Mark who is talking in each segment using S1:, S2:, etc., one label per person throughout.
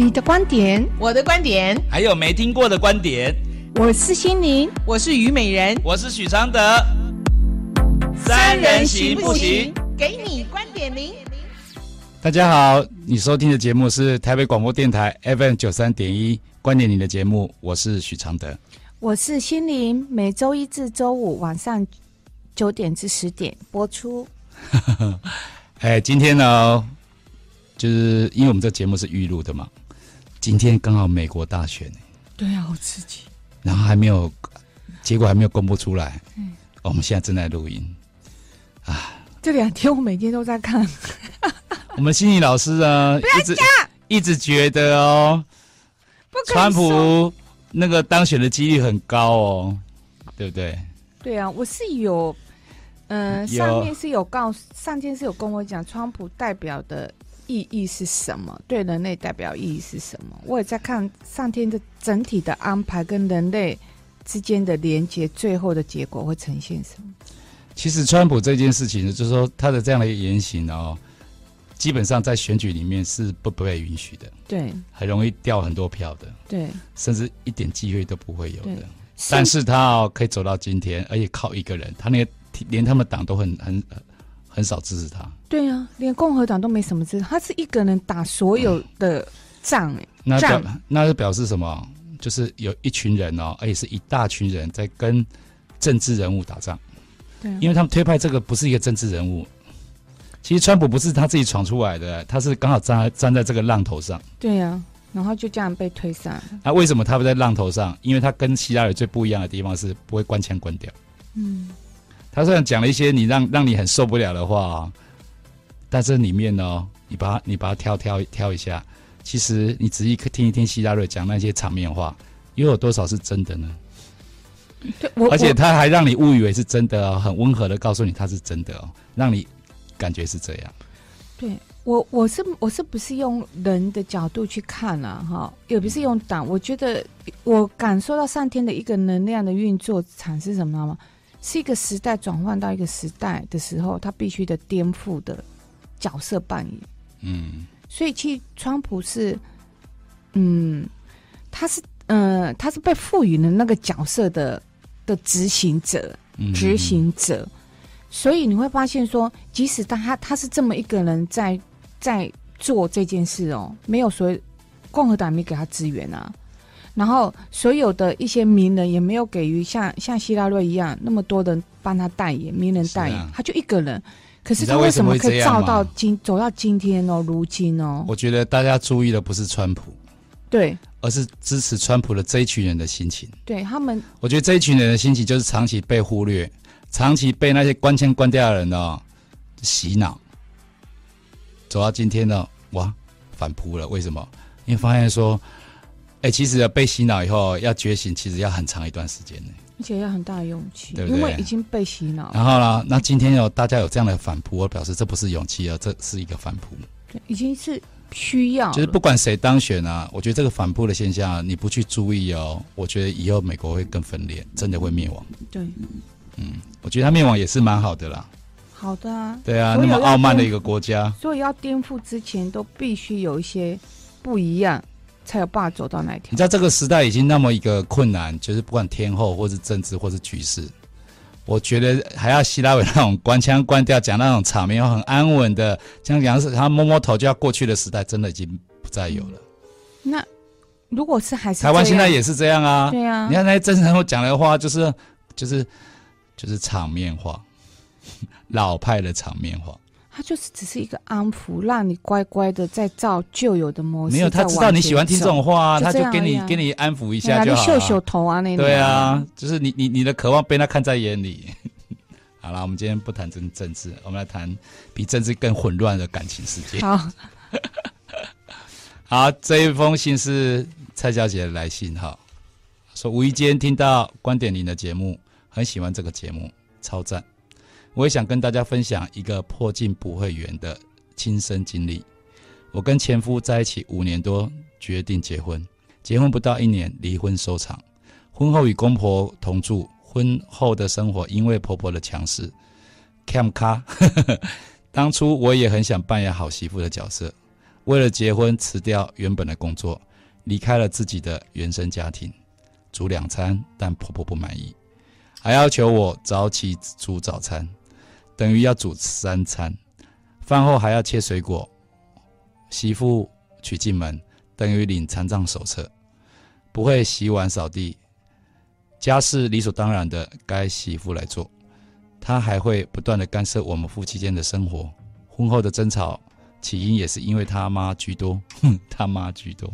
S1: 你的觀點，我的觀點，
S2: 還有沒聽過的觀點。
S1: 我是心靈，我是虞
S2: 美人，我是許常德，
S1: 三人行不行？
S2: 給你觀點零。大家好，你收聽的節目是台北廣播電台 FM 九三點一《觀點》你的節目，我是許常德，
S1: 我是心靈，每週一至週五晚上九點至十點播出。
S2: 哎，今天呢、哦，就是因為我們這節目是預錄的嘛。今天剛好美國大選、欸，
S1: 對啊，好刺激。
S2: 然後還沒有結果，還沒有公布出來。嗯，我們現在正在錄音。
S1: 啊，這兩天我每天都在看。
S2: 我們心理老師啊，不要一直講，一直覺得哦、喔，
S1: 不可以，川普
S2: 那個當選的幾率很高哦、喔，對不對？
S1: 對啊，我是有，嗯、呃，上面是有告，上天是有跟我講，川普代表的。意義是什麼？對人類代表意義是什麼？我也在看上天的整體的安排跟人類之間的連接，最後的結果會呈現什麼？
S2: 其實，川普這件事情呢，就是說他的這樣的言行哦，基本上在選舉裡面是不，不被允許的，對，很容易掉很多票的，對，甚至一點機會都不會有的。但是他哦，可以走到今天，而且靠一個人，他那個連他們黨都很很很少支持他，
S1: 對呀、啊，連共和黨都沒什麼支持，他是一個人打所有的仗，嗯、那
S2: 那是表示什麼？就是有一群人哦，而且是一大群人在跟政治人物打仗，對、啊，因為他們推派這個不是一個政治人物，其實川普不是他自己闖出來的，他是剛好站在站在這個浪頭上，
S1: 對呀、啊，然後就這樣被推散。
S2: 那、啊、為什麼他不在浪頭上？因為他跟希拉里最不一樣的地方是不會官腔官調，嗯。他雖然講了一些你讓讓你很受不了的話、哦，但這裡面呢、哦，你把它你把它挑挑挑一下，其實你仔細聽一聽希拉瑞講那些場面話，又有多少是真的呢？
S1: 而且他
S2: 還讓你誤以為是真的、哦，很溫和的告訴你他是真的哦，讓你感覺是這樣。
S1: 對我，我是我是不是用人的角度去看了、啊、哈？也不是用黨、嗯，我覺得我感受到上天的一個能量的運作，產生什麼了嗎？是一個時代轉換到一個時代的時候，他必須得顛覆的角色扮演，嗯，所以其實川普是，嗯，他是，呃，他是被賦予了那個角色的的執行者、嗯，執行者，所以你會發現說，即使他他他是這麼一個人在在做這件事哦，沒有說共和黨沒給他資源啊。然後所有的一些名人也沒有給予像像希拉瑞一樣那麼多人幫他代言，名人代言、啊，他就一個人。可是他為什麼可以照到今走到今天哦？如今哦，
S2: 我覺得大家注意的不是川普，對，而是支持川普的這一群人的心情。對他們，我覺得這一群人的心情就是長期被忽略，長期被那些關槍關掉的人哦洗腦，走到今天呢、哦，哇，反撲了，為什麼？因為發現說。哎、欸，其實被洗腦以後要覺醒，其實要很長一段時間呢，
S1: 而且要很大的勇氣，對不對？因為已經被洗腦。然後
S2: 呢，那今天有大家有這樣的反撲，我表示這不是勇氣啊，這是一個反撲。對，
S1: 已經是需要。就是不
S2: 管誰當選啊，我覺得這個反撲的現象啊，你不去注意哦，我覺得以後美國會更分裂，真的會滅亡。對，嗯，我覺得他滅亡也是蠻好的啦。
S1: 好的啊。對啊，那麼傲慢的一個國家，顛所以要顛覆之前都必須有一些不一樣。才有霸走到哪一
S2: 天？你知道這個時代已經那麼一個困難，就是不管天候或是政治或是局勢，我覺得還要希拉蕊那種官腔關掉，講那種場面很安穩的，像楊氏他摸摸頭就要過去的時代，真的已經不再有了。那
S1: 如果是還是台灣現在也是這樣啊？對啊，你看那
S2: 些政治人物講的話，就是，就是就是就是場面話，老派的場面話。
S1: 他就是只是一個安撫，讓你乖乖的在照舊有的模式。沒有，他知道你喜歡聽這種話啊，就這樣而已啊，他就給你給你安撫一下就好，秀秀頭啊，那種，對啊，
S2: 就是你你你的渴望被他看在眼裡。 好啦，我們今天不談政政治，我們來談比政治更混亂的感情世界。好， 好，這一封信是蔡小姐的來信號，哈，說無意間聽到觀點林的節目，很喜歡這個節目，超讚。我也想跟大家分享一個破鏡不會圓的親身經歷。我跟前夫在一起五年多，決定結婚。結婚不到一年，離婚收場。婚後與公婆同住，婚後的生活因為婆婆的強勢，坎坷。當初我也很想扮演好媳婦的角色，為了結婚辭掉原本的工作，離開了自己的原生家庭，煮兩餐，但婆婆不滿意，還要求我早起煮早餐。等於要煮三餐，飯後還要切水果，媳婦娶進門等於領殘障手冊，不會洗碗掃地，家事理所當然的該媳婦來做，她還會不斷的干涉我們夫妻間的生活，婚後的爭吵起因也是因為她媽居多，哼，他媽居多。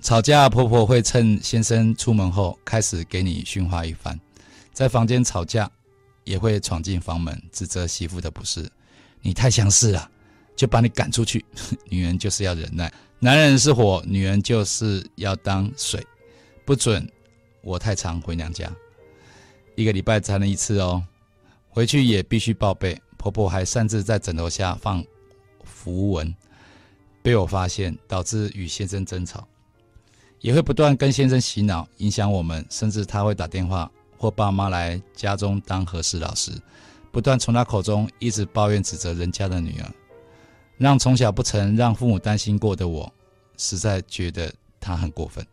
S2: 吵架婆婆會趁先生出門後開始給你訓話一番，在房間吵架。也會闖進房門，指責媳婦的不是，你太強勢了，就把你趕出去。女人就是要忍耐，男人是火，女人就是要當水。不准我太常回娘家，一個禮拜才能一次哦。回去也必須報備。婆婆還擅自在枕頭下放符文，被我發現，導致與先生爭吵。也會不斷跟先生洗腦，影響我們，甚至他會打電話。爸媽來家中當和事老師，不斷從他口中一直抱怨指責人家的女兒，讓從小不曾讓父母擔心過的我，實在覺得他很過分，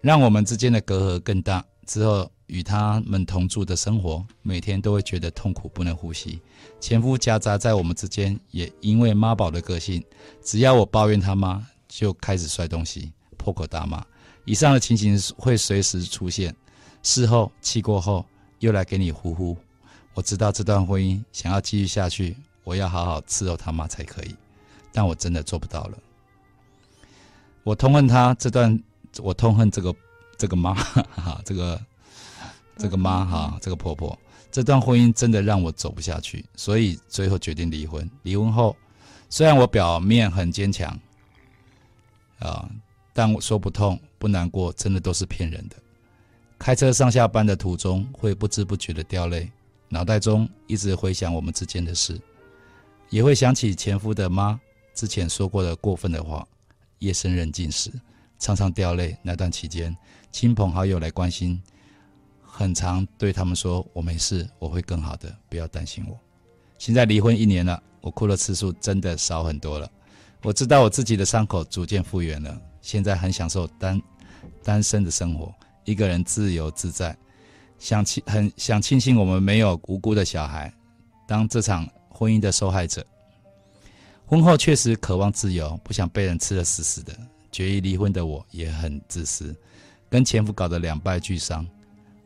S2: 讓我們之間的隔閡更大。之後與他們同住的生活，每天都會覺得痛苦不能呼吸。前夫夾雜在我們之間，也因為媽寶的個性，只要我抱怨他媽，就開始摔東西、破口大罵。以上的情形會隨時出現。事後氣過後，又來給你呼呼。我知道這段婚姻想要繼續下去，我要好好伺候他媽才可以。但我真的做不到了。我痛恨他這段，我痛恨這個這個，這個媽哈，這個這個媽哈，這個婆婆。這段婚姻真的讓我走不下去，所以最後決定離婚。離婚後，雖然我表面很堅強，啊，但我說不痛不難過，真的都是騙人的。開車上下班的途中會不知不覺地掉淚，腦袋中一直回想我們之間的事，也會想起前夫的媽之前說過的過分的話。夜深人靜時，常常掉淚。那段期間，親朋好友來關心，很常對他們說：“我沒事，我會更好的，不要擔心我。”現在離婚一年了，我哭的次數真的少很多了。我知道我自己的傷口逐漸復原了，現在很享受單單身的生活。一個人自由自在，想很想慶幸我們沒有無辜的小孩，當這場婚姻的受害者。婚後確實渴望自由，不想被人吃得死死的。決意離婚的我也很自私，跟前夫搞得兩敗俱傷。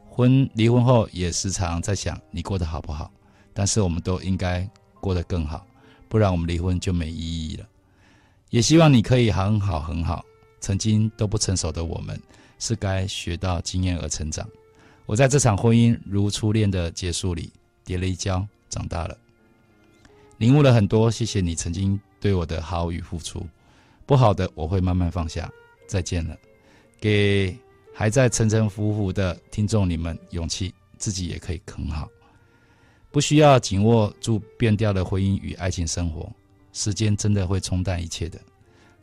S2: 婚離婚後也時常在想你過得好不好，但是我們都應該過得更好，不然我們離婚就沒意義了。也希望你可以很好很好。曾經都不成熟的我們是該學到經驗而成長。我在這場婚姻如初戀的結束裡跌了一跤，長大了，領悟了很多。謝謝你曾經對我的好與付出，不好的我會慢慢放下。再見了，給還在沉沉浮浮的聽眾，你們勇氣自己也可以很好，不需要緊握住變調的婚姻與愛情生活。時間真的會沖淡一切的，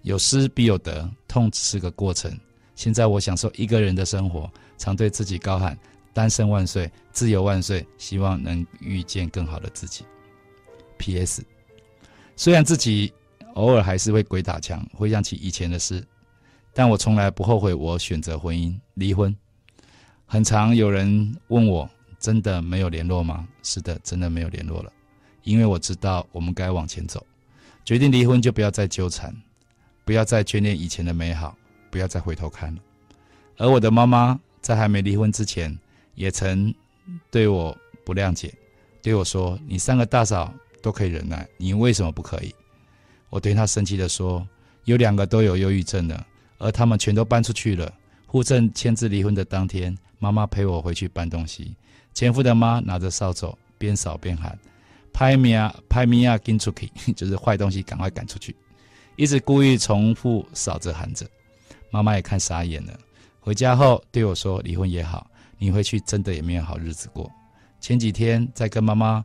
S2: 有失必有得，痛只是個過程。現在我享受一個人的生活，常對自己高喊：“單身萬歲，自由萬歲！”希望能遇見更好的自己。P.S. 雖然自己偶爾還是會鬼打牆，回想起以前的事，但我從來不後悔我選擇婚姻，離婚。很常有人問我：“真的沒有聯絡嗎？”是的，真的沒有聯絡了，因為我知道我們該往前走。決定離婚就不要再糾纏，不要再眷戀以前的美好。不要再回頭看了。而我的媽媽在還沒離婚之前，也曾對我不諒解，對我說：“你三個大嫂都可以忍耐，你為什麼不可以？”我對她生氣地說：“有兩個都有憂鬱症了，而他們全都搬出去了。”戶政簽字離婚的當天，媽媽陪我回去搬東西，前夫的媽拿着掃帚，邊掃邊喊：“拍米啊，拍米啊，趕出去，就是壞東西，趕快趕出去！”一直故意重複掃着喊着。媽媽也看傻眼了。回家後對我說：“離婚也好，你回去真的也沒有好日子過。”前幾天在跟媽媽，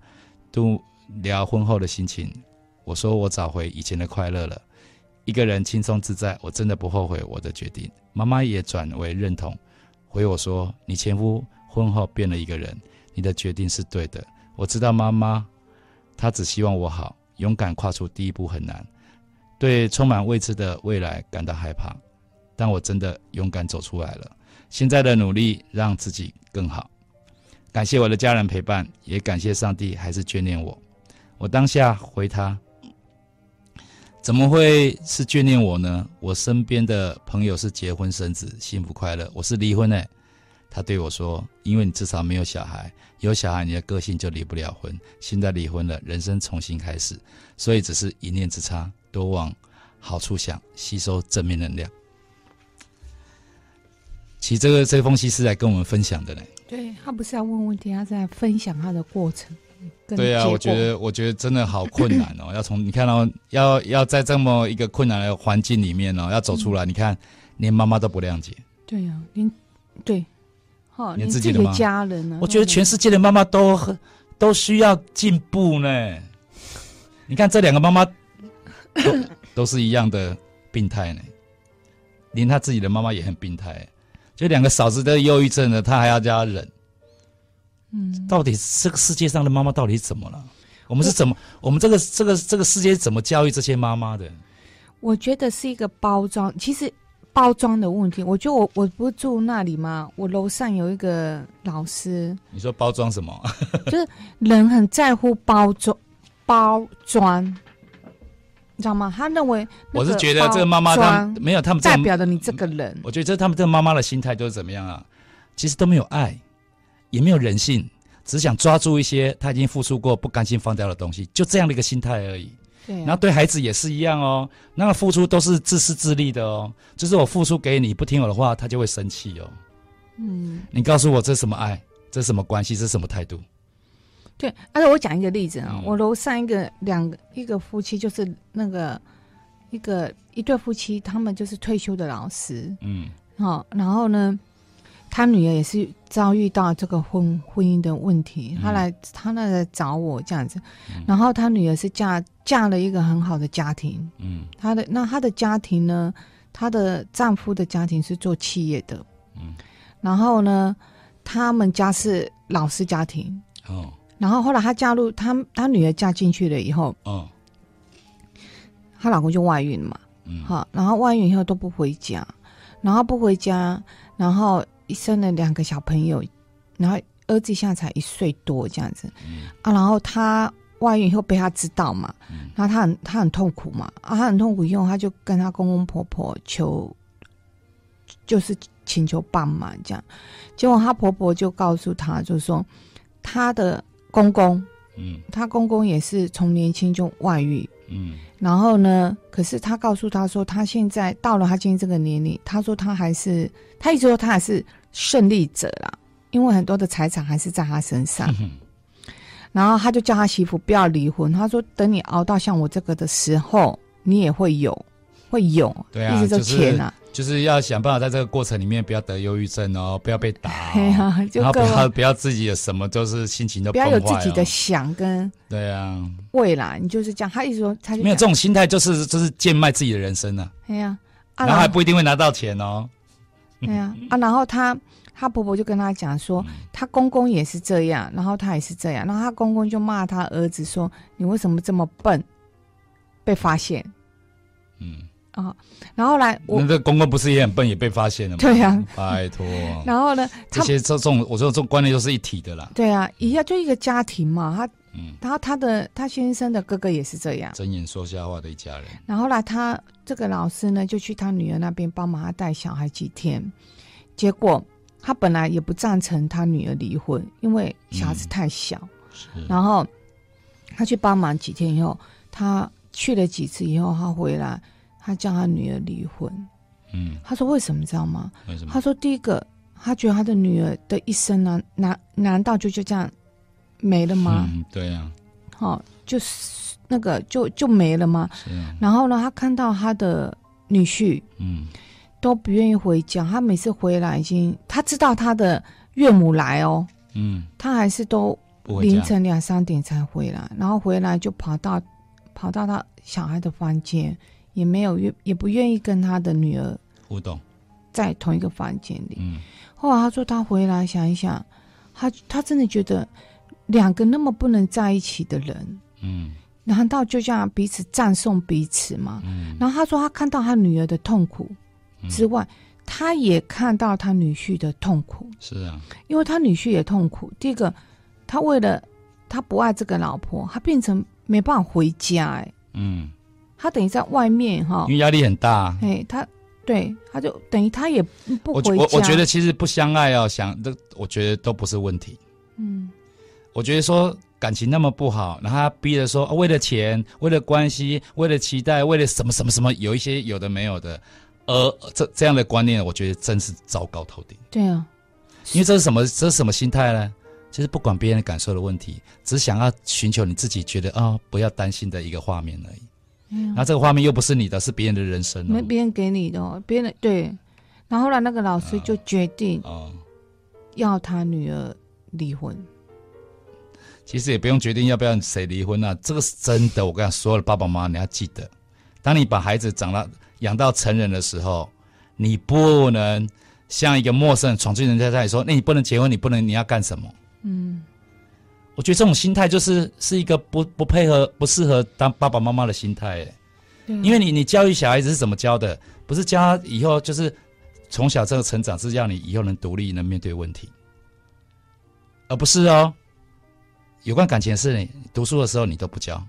S2: 都聊婚後的心情。我說：“我找回以前的快樂了，一個人輕鬆自在，我真的不後悔我的決定。”媽媽也轉為認同，回我說：“你前夫婚後變了一個人，你的決定是對的。”我知道媽媽，她只希望我好。勇敢跨出第一步很難，對充滿未知的未來感到害怕。但我真的勇敢走出來了，現在的努力讓自己更好，感謝我的家人陪伴，也感謝上帝還是眷戀我。我當下回他，怎麼會是眷戀我呢？我身邊的朋友是結婚生子，幸福快樂，我是離婚的。他對我說，因為你至少沒有小孩，有小孩你的個性就離不了婚。現在離婚了，人生重新開始，所以只是一念之差，多往好處想，吸收正面能量。其實這個這封信是來跟我們分享的呢，
S1: 對，他不是要問問題，他是在分享他的過程，對啊，我覺得
S2: 我覺得真的好困難哦，咳咳要從你看到、哦、要要在這麼一個困難的環境裡面哦，要走出來，嗯、你看連媽媽都不諒解，
S1: 對啊，連對哈，連自己的媽媽，您自己的家人啊，我覺得全
S2: 世界的媽媽都很都需要進步呢、嗯。你看這兩個媽媽都咳咳都是一樣的病態呢，連他自己的媽媽也很病態。就兩個嫂子都憂鬱症了，她還要這樣忍。嗯，到底這個世界上的媽媽到底是怎麼了？我們是怎麼？我，我們這個這個這個世界怎麼教育這些媽媽的？
S1: 我覺得是一個包裝，其實包裝的問題。我就我我不是住那裡嗎？我樓上有一個老師。
S2: 你說包裝什麼？ 就
S1: 是人很在乎包裝，包裝。你知道嗎？他認為我是覺得這個媽媽，她沒有他們、這個、代表的你這個人。
S2: 我覺得他們這個媽媽的心態都是怎麼樣啊？其實都沒有愛，也沒有人性，只想抓住一些他已經付出過、不甘心放掉的東西，就這樣的一個心態而已。對啊。然後對孩子也是一樣哦，那個付出都是自私自利的哦，就是我付出給你，不聽我的話，他就會生氣哦。嗯。你告訴我這是什麼愛？這是什麼關係？這是什麼態度？
S1: 對，而、啊、且我講一個例子啊、嗯，我樓上一個兩個一個夫妻，就是那個一個一對夫妻，他們就是退休的老師，嗯，好、哦，然後呢，他女兒也是遭遇到這個婚婚姻的問題，嗯、他來他那個找我這樣子、嗯，然後他女兒是嫁嫁了一個很好的家庭，嗯，他的那他的家庭呢，他的丈夫的家庭是做企業的，嗯，然後呢，他們家是老師家庭，哦。然後後來她嫁入，她她女兒嫁進去了以後，嗯、哦，她老公就外遇嘛，嗯，好，然後外遇以後都不回家，然後不回家，然後生了兩個小朋友，然後兒子現在才一歲多這樣子，嗯、啊，然後她外遇以後被她知道嘛，嗯、然後她很她很痛苦嘛，啊，她很痛苦以後，她就跟她公公婆婆求，就是請求幫忙這樣，結果她婆婆就告訴她，就是說她的。公公，嗯，他公公也是從年輕就外遇，嗯，然後呢，可是他告訴他說，他現在到了他今天這個年齡，他說他還是，他一直說他還是勝利者啦，因為很多的財產還是在他身上，呵呵，然後他就叫他媳婦不要離婚，他說等你熬到像我這個的時候，你也會有。會有，對啊，就，錢
S2: 啊就是就是要想辦法在這個過程裡面不要得憂鬱症哦，不要被打、哦對啊，然後不要不要自己有什麼就是心情都崩壞哦、不要有自己的想跟對啊，
S1: 為了你就是講他一直說他就沒有這種
S2: 心態、就是，就是就是賤賣自己的人生了、啊。
S1: 對啊，啊，然後還不一
S2: 定會拿到錢哦。 對
S1: 啊，啊，然後他他婆婆就跟他講說、嗯，他公公也是這樣，然後他也是這樣，然後他公公就罵他兒子說，你為什麼這麼笨？被發現，嗯。啊、哦，然後來
S2: 我，們、那、的、個、公公不是也很笨，也被發現了嗎？對呀、啊，拜託。 然
S1: 後呢，這些
S2: 這種，我說這種觀念都是一體的啦。
S1: 對啊，一下就一個家庭嘛。他，嗯，然後他的他先生的哥哥也是
S2: 這樣，睜眼說瞎話的一家人。
S1: 然後呢，他這個老師呢，就去他女兒那邊幫忙他帶小孩幾天。結果他本來也不贊成他女兒離婚，因為小孩子太小。嗯、是然後他去幫忙幾天以後，他去了幾次以後，他回來。他叫他女兒離婚。嗯，他說：“為什麼？知道嗎？”為什麼？他說：“第一個，他覺得他的女兒的一生呢，難難道就就這樣沒了嗎？”嗯，對呀，啊。好，哦，就是那個就就沒了嗎，啊？然後呢，他看到他的女婿，嗯，都不願意回家。他每次回來，已經他知道他的岳母來哦，嗯，他還是都凌晨兩三點才回來，回然後回來就跑到跑到他小孩的房間。也沒有願，也不願意跟他的女兒互動，在同一個房間裡。嗯，後來他說他回來想一想，他他真的覺得兩個那麼不能在一起的人，嗯，難道就這樣彼此葬送彼此嗎？嗯。然後他說他看到他女兒的痛苦之外，嗯、他也看到他女婿的痛苦。
S2: 是、
S1: 嗯、啊，因為他女婿也痛苦。第一個，他為了他不愛這個老婆，他變成沒辦法回家、欸。哎，嗯。他等於在外面哈，因為
S2: 壓力很大。哎，
S1: 他，對，他就等於他也不回家。我我我覺得其
S2: 實不相愛哦，想都，我覺得都不是問題。嗯，我覺得說感情那麼不好，然後逼着說、哦、為了錢、為了關係、為了期待、為了什麼什麼什麼，有一些有的沒有的，而這這樣的觀念，我覺得真是糟糕透頂。
S1: 對啊，因
S2: 為這是什麼？這是什麼心態呢？其實不管別人感受的問題，只想要尋求你自己覺得啊、哦、不要擔心的一個畫面而已。那這個畫面又不是你的，是別人的人生、哦。
S1: 沒別人給你的，別人對。然後，後來那個老師就決定，要他女兒離婚、
S2: 哦哦。其實也不用決定要不要誰離婚啊，這個是真的。我跟你講，所有的爸爸媽媽，你要記得，當你把孩子長到養到成人的時候，你不能像一個陌生人闖進人家家裡說，那、哎、你不能結婚，你不能，你要幹什麼？嗯。我覺得這種心態就是是一個不不配合，不適合當爸爸媽媽的心態，因為你你教育小孩子是怎麼教的？不是教他以後就是從小這個成長是讓你以後能獨立，能面對問題，而不是哦，有關感情的事情，讀書的時候你都不教，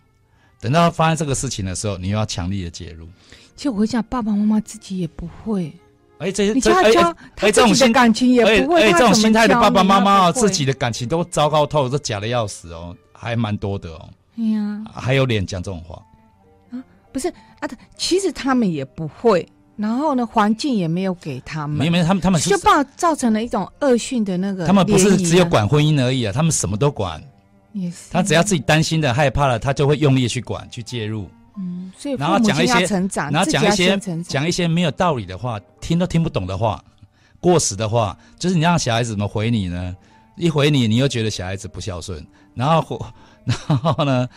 S2: 等到發生這個事情的時候，你又要強力的介入。
S1: 其實我想爸爸媽媽自己也不會。
S2: 哎、欸，這些這些哎，這種現感情也不會、欸欸，這種心態的爸爸媽媽、哦，自己的感情都糟糕透了，都假的要死哦，還蠻多的哦。啊啊、還有臉講這種話？
S1: 啊、不是啊，他其實他們也不會，然後呢，環境也沒有給他們，沒沒，他們他們，他們就造造成了一種惡性的那個、啊。他們不是只有
S2: 管婚姻而已啊，他們什麼都管。
S1: 也是。他只要
S2: 自己擔心的害怕了，他就會用力去管去介入。
S1: 嗯，所以然後講一些，然後講一些，講一
S2: 些沒有道理的話，聽都聽不懂的話，過時的話，就是你讓小孩子怎麼回你呢？一回你，你又覺得小孩子不孝順，然後，然後呢，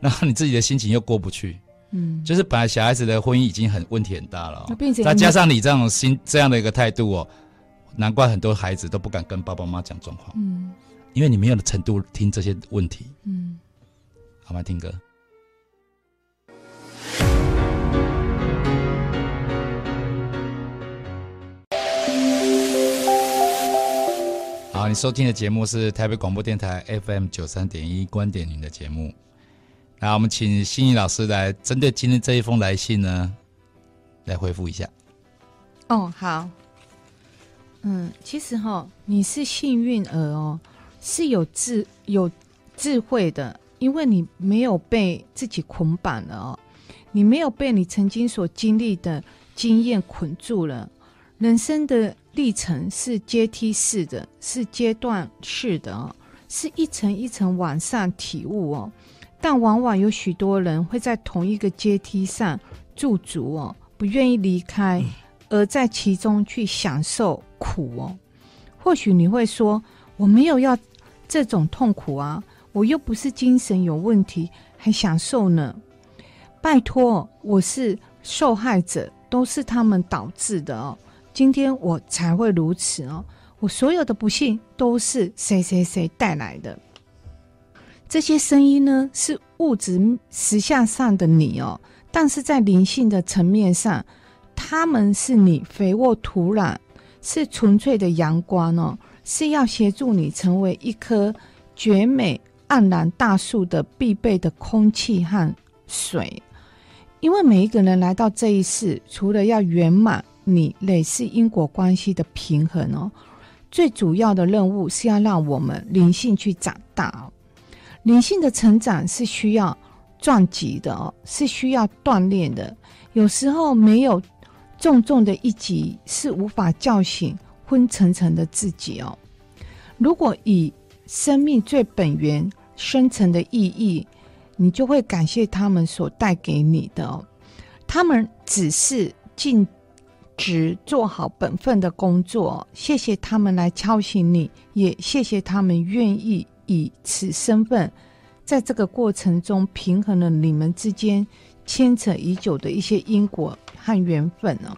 S2: 然後你自己的心情又過不去。嗯，就是本來小孩子的婚姻已經很問題很大了哦，再加上你這種心這樣的一個態度哦，難怪很多孩子都不敢跟爸爸媽媽講狀況。嗯，因為你沒有的程度聽這些問題。嗯，好嗎，聽歌。好，你收聽的節目是台北廣播電臺 FM 九三點一《觀點》您的節目，那我們請心儀老師來針對今天這一封來信呢，來回復一下。
S1: 哦，好。嗯，其實哈、哦，你是幸運兒哦，是有智有智慧的，因為你沒有被自己捆綁了哦，你沒有被你曾經所經歷的經驗捆住了，人生的歷程是階梯式的，是階段式的哦，是一層一層往上體悟哦。但往往有許多人會在同一個階梯上駐足哦，不願意離開，而在其中去享受苦哦。或許你會說，我沒有要這種痛苦啊，我又不是精神有問題，還享受呢？拜托，我是受害者，都是他們導致的哦。今天我才會如此哦，我所有的不幸都是誰誰誰帶來的。這些聲音呢，是物質實相上的你哦，但是在靈性的層面上，它們是你肥沃土壤，是純粹的陽光哦，是要協助你成為一棵絕美盎然大樹的必備的空氣和水。因為每一個人來到這一世，除了要圓滿。你累世因果關係的平衡哦，最主要的任務是要讓我們靈性去長大。靈性的成長是需要撞擊的哦，是需要鍛鍊的。有時候沒有重重的一擊是無法叫醒昏沉沉的自己哦。如果以生命最本源深層的意義，你就會感謝他們所帶給你的。他們只是進。只做好本分的工作，謝謝他們來敲醒你，也謝謝他們願意以此身份，在這個過程中平衡了你們之間牽扯已久的一些因果和緣分呢。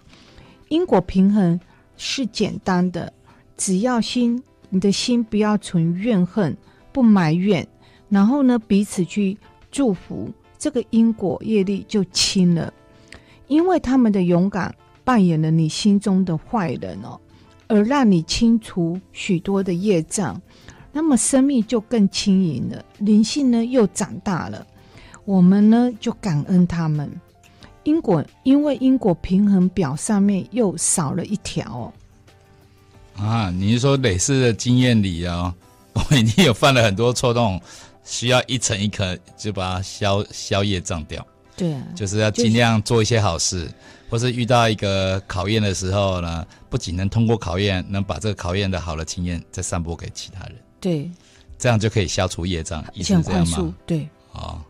S1: 因果平衡是簡單的，只要心，你的心不要存怨恨、不埋怨，然後呢彼此去祝福，這個因果業力就輕了。因為他們的勇敢。扮演了你心中的壞人哦，而讓你清除許多的業障，那麼生命就更輕盈了，靈性呢又長大了，我們呢就感恩他們。因果，因為因果平衡表上面又少了一條、哦。
S2: 啊，你是說累世的經驗裡啊、哦，我已經有犯了很多錯動，動需要一層一顆，就把它消消業障掉。對、啊，就是要盡量做一些好事，就是，或是遇到一個考驗的時候呢，不僅能通過考驗，能把這個考驗的好的經驗再散播給其他人。對，這樣就可以消除業障，而且很快速。
S1: 對，啊、哦，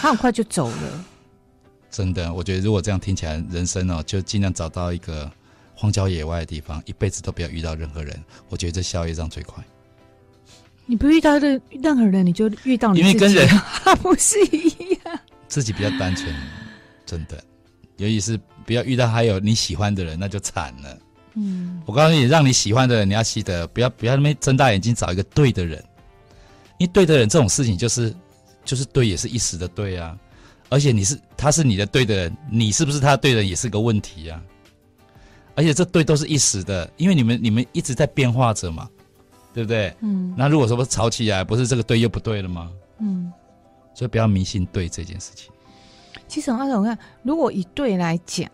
S1: 他很快就走了。
S2: 真的，我覺得如果這樣聽起來，人生哦，就盡量找到一個荒郊野外的地方，一輩子都不要遇到任何人。我覺得這消業障最快。
S1: 你不遇到的任何人，你就遇到了，因為跟人他不是。
S2: 自己比較單純， 真的，尤其是不要遇到還有你喜歡的人，那就慘了。嗯，我告訴你，讓你喜歡的人，你要記得不要，不要在那邊睜大眼睛找一個對的人，因為對的人這種事情就是，就是對也是一時的對啊，而且你是，他是你的對的人，你是不是他的對的人也是個問題啊，而且這對都是一時的，因為你們，你們一直在變化着嘛，對不對？嗯。那如果說不是吵起來，不是這個對又不對了嗎？嗯。所以不要迷信對這件事情。
S1: 其實，我剛才我看，如果以對來講，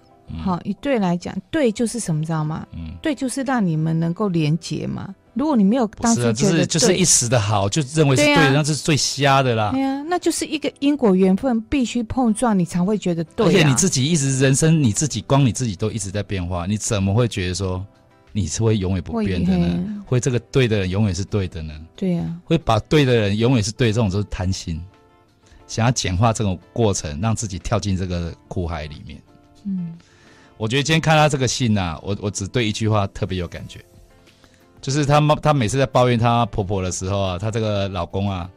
S1: 好、嗯，以對來講，對就是什麼，知道嗎？嗯、對，就是讓你們能夠連結嘛。如果你沒有當時，當是、啊，就是就是一
S2: 時的好，就認為是對，對啊、那就是最瞎的啦。對
S1: 呀、啊，那就是一個因果緣分必須碰撞，你才會覺得對、啊。而且你自
S2: 己一直人生，你自己光你自己都一直在變化，你怎麼會覺得說你是會永遠不變的呢？會、啊、會這個對的人永遠是對的呢？
S1: 對呀、啊，
S2: 會把對的人永遠是對，這種就是貪心。想要簡化這種過程，讓自己跳進這個苦海裡面。嗯，我覺得今天看到這個信啊，我我只對一句話特別有感覺，就是他媽她每次在抱怨她婆婆的時候啊，她這個老公啊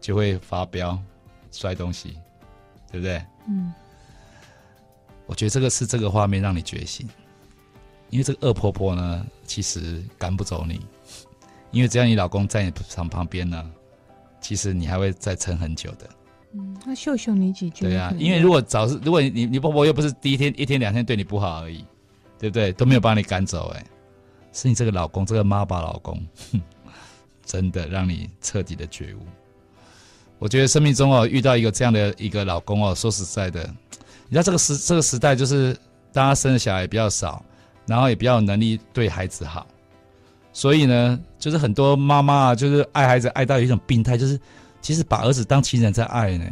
S2: 就會發飆，摔東西，對不對？嗯，我覺得這個是這個畫面讓你覺醒，因為這個惡婆婆呢，其實趕不走你，因為只要你老公在你床旁邊呢，其實你還會再撐很久的。
S1: 嗯，他秀秀你解決？對啊，因為如
S2: 果早是，如果你你，你婆婆又不是第一天一天兩天對你不好而已，對不對？都沒有把你趕走哎、欸，是你這個老公，這個媽寶老公，哼，真的讓你徹底的覺悟。我覺得生命中哦，遇到一個這樣的一個老公哦，說實在的，你知道這個時這個時代就是大家生的小孩也比較少，然後也比較有能力對孩子好，所以呢，就是很多媽媽就是愛孩子愛到有一種病態，就是。其實把兒子當情人在愛呢，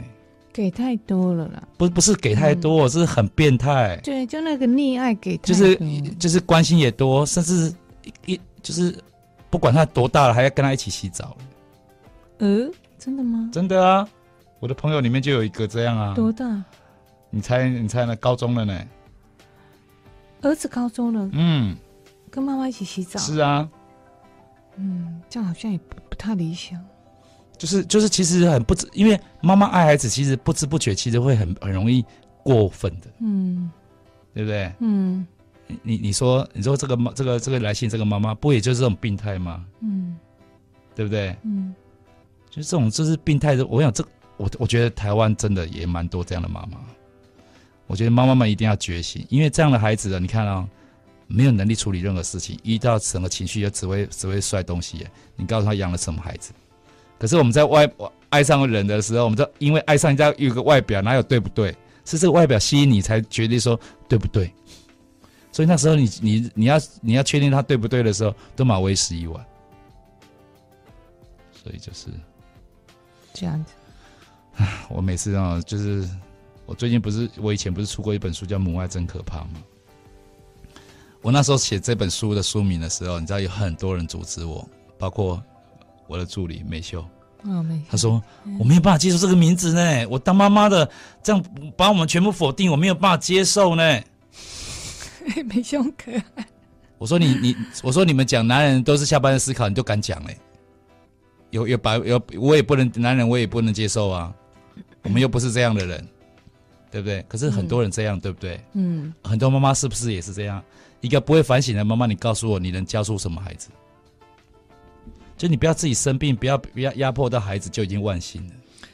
S1: 給太多
S2: 了啦。不，不是給太多，嗯、是很變態。
S1: 對，就那個溺愛給他。
S2: 就是就是關心也多，甚至一，一就是不管他多大了，還要跟他一起洗澡。呃，
S1: 真的嗎？
S2: 真的啊，我的朋友裡面就有一個這樣啊。多
S1: 大？
S2: 你猜，你猜呢？高中了呢。
S1: 兒子高中了。嗯。跟媽媽一起洗澡。是啊。嗯，這樣好像也不不太理想。
S2: 就是就是，就是、其實很不知，因為媽媽愛孩子，其實不知不覺，其實會很很容易過分的，嗯，對不對？嗯，你你你說你說這個媽這個這個來信這個媽媽，不也就是這種病態嗎？嗯，對不對？嗯，就是這種就是病態的。我想這我我覺得台灣真的也蠻多這樣的媽媽。我覺得媽媽們一定要覺醒，因為這樣的孩子啊，你看啊、哦，沒有能力處理任何事情，一到什麼情緒就只會只會摔東西耶。你告訴他養了什麼孩子？可是我們在外愛上人的時候，我們就因為愛上人家有個外表，哪有對不對？是這個外表吸引你，才決定說對不對。所以那時候你你你要你要確定他對不對的時候，都嘛為時已晚。所以就是這樣子。我每次啊，就是我最近不是我以前不是出過一本書叫《母愛真可怕》嗎？我那時候寫這本書的書名的時候，你知道有很多人阻止我，包括。我的助理美秀，嗯，美秀，她說我沒有辦法接受這個名字呢，我當媽媽的這樣把我們全部否定，我沒有辦法接受呢。
S1: 美秀很可愛。
S2: 我說你你我說你們講男人都是下半身思考，你都敢講嘞、欸？有有把有我也不能，男人我也不能接受啊。我們又不是這樣的人，對不對？可是很多人這樣，嗯、對不對？嗯。很多媽媽是不是也是這樣？一個不會反省的媽媽，你告訴我你能教出什麼孩子？就你不要自己生病，不要不要壓迫到孩子，就已經萬幸了。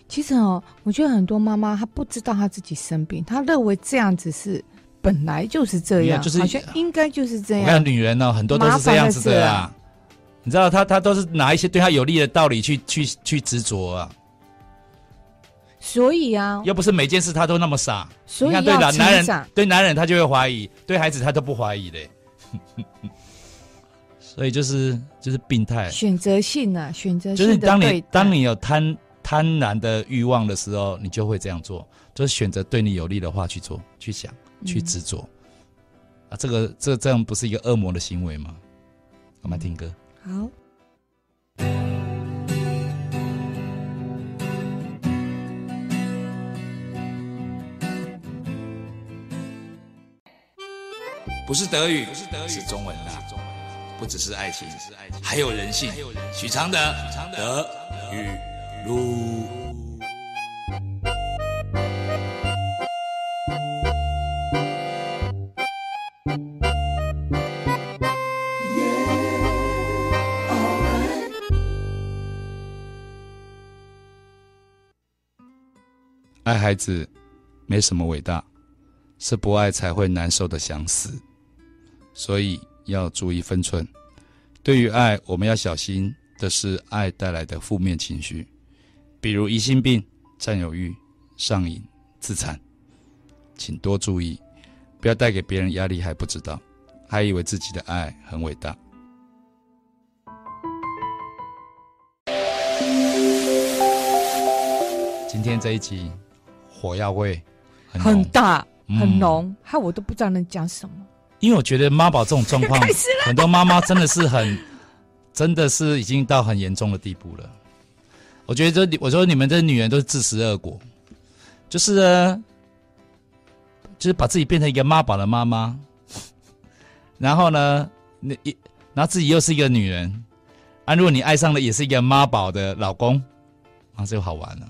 S1: 其實哦，我覺得很多媽媽她不知道她自己生病，她認為這樣子是本來就是這樣，就是應該就是這樣。
S2: 你看女人呢、哦，很多都是這樣子的啦。你知道，她她都是拿一些對她有利的道理去去去執着啊。
S1: 所以啊，
S2: 又不是每件事她都那麼傻。所以你看，對男人對男人她就會懷疑，對孩子她都不懷疑的。 所以就是就是病態，
S1: 選擇性啊選擇性。就是當你當
S2: 你有貪貪婪的慾望的時候，你就會這樣做，就是、選擇對你有利的話去做、去想、去執着、嗯。啊，這個這這樣不是一個惡魔的行為嗎？嗯、我們聽歌。好。不是德語，不是德語，是中文的、啊。不只，不只是愛情，還有人性。許常德德語錄，愛孩子沒什麼偉大，是不愛才會難受的想死，所以。要注意分寸。對於愛，我們要小心的是愛帶來的負面情緒，比如疑心病、佔有欲、上癮、自殘，請多注意，不要帶給別人壓力還不知道，還以為自己的愛很偉大。今天這一集，火藥味很
S1: 大，嗯、很濃，害我都不知道能講什麼。
S2: 因為我覺得媽寶這種狀況，很多媽媽真的是很，真的是已經到很嚴重的地步了。我覺得這，我說你們這女人都是自食惡果，就是呢，就是把自己變成一個媽寶的媽媽，然後呢，那一然後自己又是一個女人啊，如果你愛上了也是一個媽寶的老公，那，啊，就好玩了，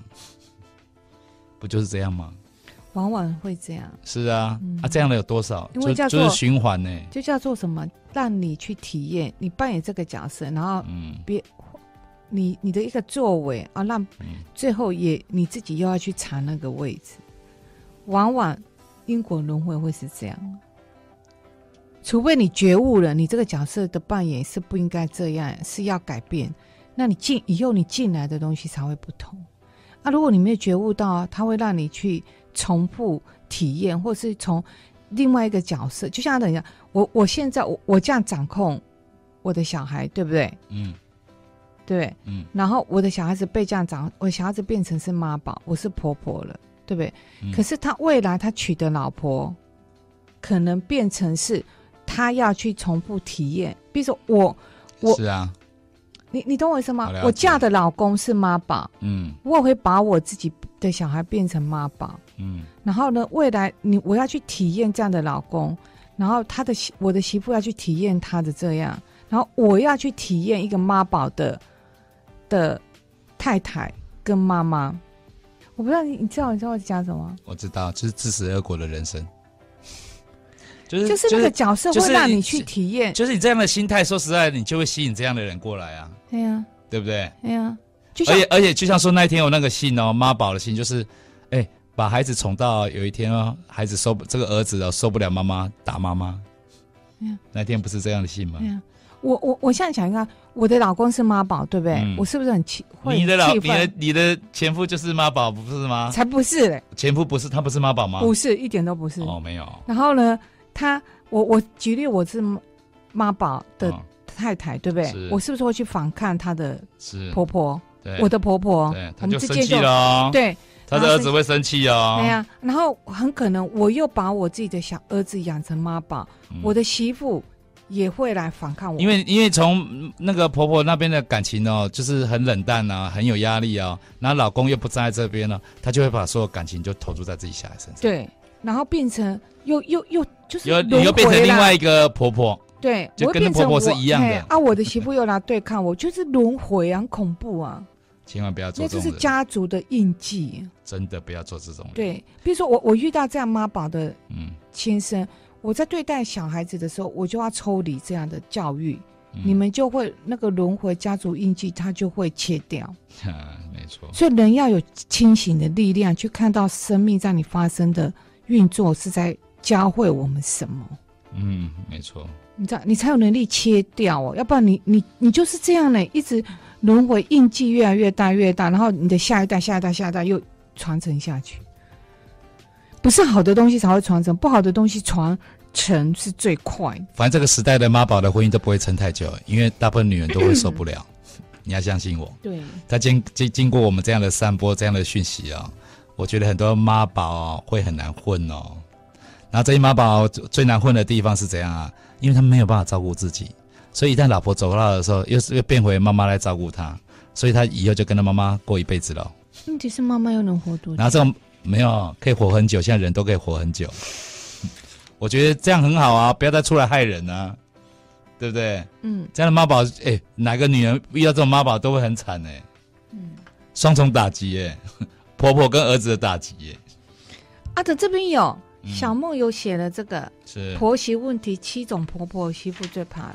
S2: 不就是這樣嗎？
S1: 往往會這樣，
S2: 是啊，嗯、啊，這樣的有多少？因為叫做、就是、循環呢，就
S1: 叫做什麼？讓你去體驗，你扮演這個角色，然後別、嗯、你你的一個作為啊，讓最後也、嗯、你自己又要去查那個位置。往往因果輪回會是這樣，除非你覺悟了，你這個角色的扮演是不應該這樣，是要改變。那你進以後，你進來的東西才會不同。啊，如果你沒有覺悟到，它會讓你去。重複體驗，或是從另外一個角色，就像他等一下，我我現在我我這樣掌控我的小孩，對不對？嗯，對，嗯。然後我的小孩子被這樣掌控，我小孩子變成是媽寶，我是婆婆了，對不對？嗯。可是他未來他娶的老婆，可能變成是他要去重複體驗，比如說我，我是啊。你你懂我意思嗎？我嫁的老公是媽寶，嗯，我也會把我自己。的小孩變成媽寶，嗯，然後呢，未來你我要去體驗這樣的老公，然後他的媳，我的媳婦要去體驗他的這樣，然後我要去體驗一個媽寶的的太太跟媽媽。我不知道你你知道你知道我在講什麼？
S2: 我知道，就是自食惡果的人生，就是、就是、就是那個角色會你讓你去體驗就，就是你這樣的心態，說實在，你就會吸引這樣的人過來啊，對、哎、呀，對不對？對、哎、呀。而且而且，而且就像說那一天我那個戲哦，媽寶的戲就是，哎、欸，把孩子寵到有一天哦，孩子受不這個兒子哦，受不了媽媽打媽媽、嗯，那天不是這樣的戲嗎？嗯、
S1: 我我我現在想，想一下，我的老公是媽寶，對不對、嗯？我是不是很奇氣？你的老你的
S2: 你的前夫就是媽寶，不是嗎？才不是嘞！前夫不是他，不是媽寶嗎？不是，一
S1: 點都不是。哦，沒有。然後呢，他，我我舉例，我是媽寶的太太，哦、對不對？我是不是會去反抗他的婆婆？是我的婆婆，對我們直接就生氣了。對，她的兒子會
S2: 生氣哦、喔啊。對呀、
S1: 啊，然後很可能我又把我自己的小兒子養成媽寶、嗯，我的媳婦也會來反抗我。因為因
S2: 為從那個婆婆那邊的感情哦、喔，就是很冷淡啊，很有壓力啊。然後老公又不站在這邊呢、啊，她就會把所有感情就投注在自己小孩身
S1: 上。對，然後變成又又又就是又你又變成另外一
S2: 個婆婆。對，就跟婆婆是一樣的
S1: 啊。我的媳婦又來對抗我，就是輪回、啊，很恐怖啊。
S2: 千萬不要做這種，那就是家
S1: 族的印記。
S2: 真的不要做這種。對，
S1: 比如說我，我遇到這樣媽寶的，
S2: 嗯，
S1: 親生，我在對待小孩子的時候，我就要抽離這樣的教育，嗯，你們就會那個輪回家族印記，它就會切掉。
S2: 啊，沒錯。所以人
S1: 要有清醒的力量，去看到生命在你發生的運作是在教會我們什麼。嗯，
S2: 沒錯。
S1: 你這樣，你才有能力切掉哦，要不然你你你就是這樣呢，一直。輪回印記越來越大，越大，然後你的下一代、下一代、下一代、下一代又傳承下去。不是好的東西才會傳承，不好的東西傳承是最快的。
S2: 反正這個時代的媽寶的婚姻都不會撐太久，因為大部分女人都會受不了。咳咳，你要相信我。對。在經經經過我們這樣的散播這樣的訊息啊、喔，我覺得很多媽寶會很難混哦、喔。然後這些媽寶最難混的地方是怎樣啊？因為他們沒有辦法照顧自己。所以一旦老婆走了的時候，又是又變回媽媽來照顧她，所以她以後就跟她媽媽過一輩子了。
S1: 問、嗯、題是媽媽又能活多久？然後這種
S2: 沒有可以活很久，現在人都可以活很久。我覺得這樣很好啊，不要再出來害人啊，對不對？嗯。這樣的媽寶，哎、欸，哪個女人遇到這種媽寶都會很慘呢、欸。嗯。雙重打擊耶、欸，婆婆跟兒子的打擊耶、
S1: 欸。阿、啊、德這邊有小夢有寫了這個、嗯、婆媳問題七種婆婆媳婦最怕。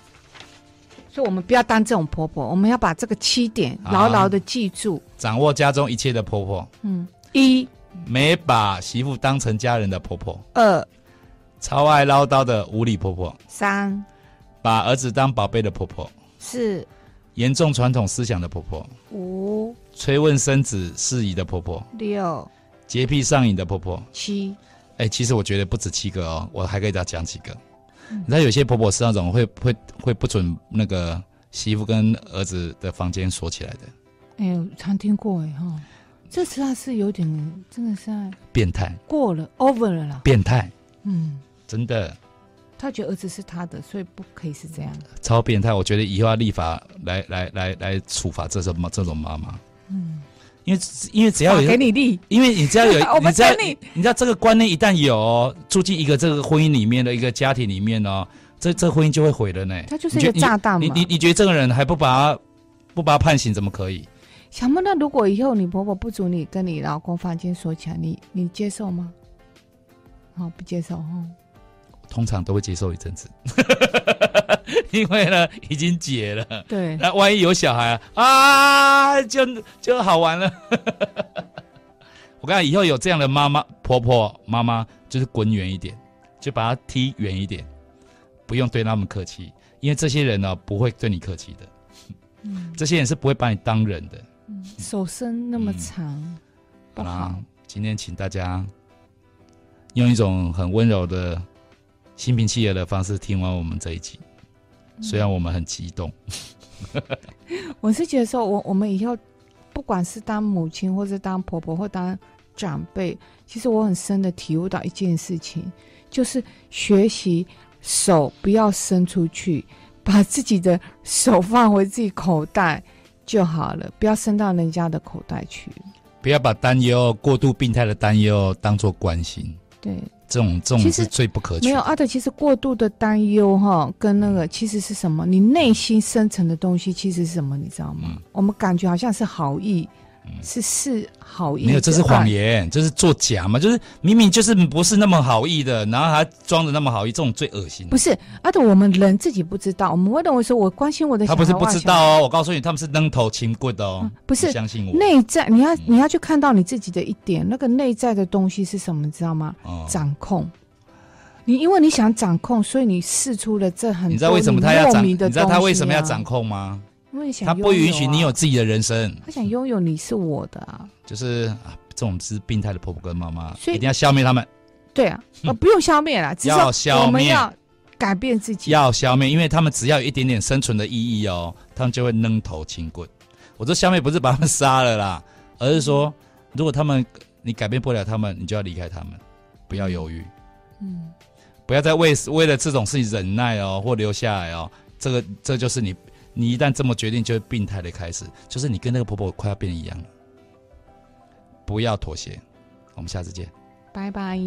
S1: 所以，我們不要當這種婆婆，我們要把這個七點牢牢的
S2: 記住。啊，掌握家中一切的婆婆，嗯，一沒把媳婦當成家人的婆婆，二超愛嘮叨的無理婆婆，三把兒子當寶貝的婆婆，四嚴重傳統思想的婆婆，五催問生子事宜的婆婆，六潔癖上癮的婆婆，七哎、欸，其實我覺得不止七個哦，我還可以再講幾個。你知道有些婆婆是那種會會會不准那個媳婦跟兒子的房間鎖起來的。
S1: 哎、欸、呦，常聽過哎哈，這次他是有點，真的是
S2: 變態過
S1: 了 over 了啦。
S2: 變態，嗯，真的。
S1: 他覺得兒子是他的，所以不可以是這樣的。
S2: 超變態，我覺得以後要立法來來來來處罰這種媽這種媽媽。嗯。因為因為只要有給你力，因為你只要有 你，你只要你知道這個觀念一旦有、哦、住進一個這個婚姻裡面的一個家庭裡面呢、哦，這這婚姻就會毀了呢。他就是一個炸彈嘛。你你你，你，你覺得這個人還不把他，不把他，他，不，把他不把他判刑怎麼可以？
S1: 想不到，如果以後你婆婆不准你跟你老公房間鎖起來，你你接受嗎？好、哦，不接受哈。嗯
S2: 通常都會接受一陣子， 因為呢已經解了。對，那萬一有小孩啊，啊，就就好玩了。 我講以後有這樣的媽媽、婆婆、媽媽，就是滾遠一點，就把他踢遠一點，不用對他們客氣，因為這些人呢、哦、不會對你客氣的。嗯，這些人是不會把你當人的。
S1: 嗯，手伸那麼長，
S2: 嗯、好，好，今天請大家用一種很溫柔的。心平氣和的方式聽完我們這一集，雖然我們很激動，
S1: 嗯、 我是覺得說，我我們以後不管是當母親，或者是當婆婆，或當長輩，其實我很深的體悟到一件事情，就是學習手不要伸出去，把自己的手放回自己口袋就好了，不要伸到人家的口袋去。
S2: 不要把擔憂過度病態的擔憂當做關心。對。這種這種是最不可取的。沒有
S1: 阿德，其實過度的擔憂哈、哦，跟那個其實是什麼？你內心深層的東西其實是什麼？你知道嗎？嗯、我們感覺好像是好意。是是好意，沒有，這是謊
S2: 言，這、就是作假嘛？就是明明就是不是那麼好意的，然後還裝的那麼好意，這種最噁心的。不
S1: 是，而且我們人自己不知道，我們會認為說我關心我的？他不是不知道哦，
S2: 我告訴你，他們是愣頭青棍的哦、啊，不是。相信我，內
S1: 在你要你要去看到你自己的一點、嗯、那個內在的東西是什麼，你知道嗎、哦？掌控，你因為你想掌控，所以你試出了這很多，你知道為什麼他要掌你的、啊？你知道他為什麼要掌
S2: 控嗎？他不允許你有自己的人生，他
S1: 想擁有，你是我的啊。
S2: 嗯、就是啊，這種是病態的婆婆跟媽媽，一定要消滅他們。
S1: 對啊，嗯、啊，不用消滅啦，只要消滅。要改變自己。
S2: 要消滅，因為他們只要有一點點生存的意義哦，他們就會扔頭青。滾。我說消滅不是把他們殺了啦，而是說，如果他們你改變不了他們，你就要離開他們，不要猶豫。嗯，不要再為為了這種事情忍耐哦，或留下來哦，這個這個、就是你。你一旦這麼決定，就是病態的開始，就是你跟那個婆婆快要變一樣了。不要妥協，我們下次見，
S1: 拜拜。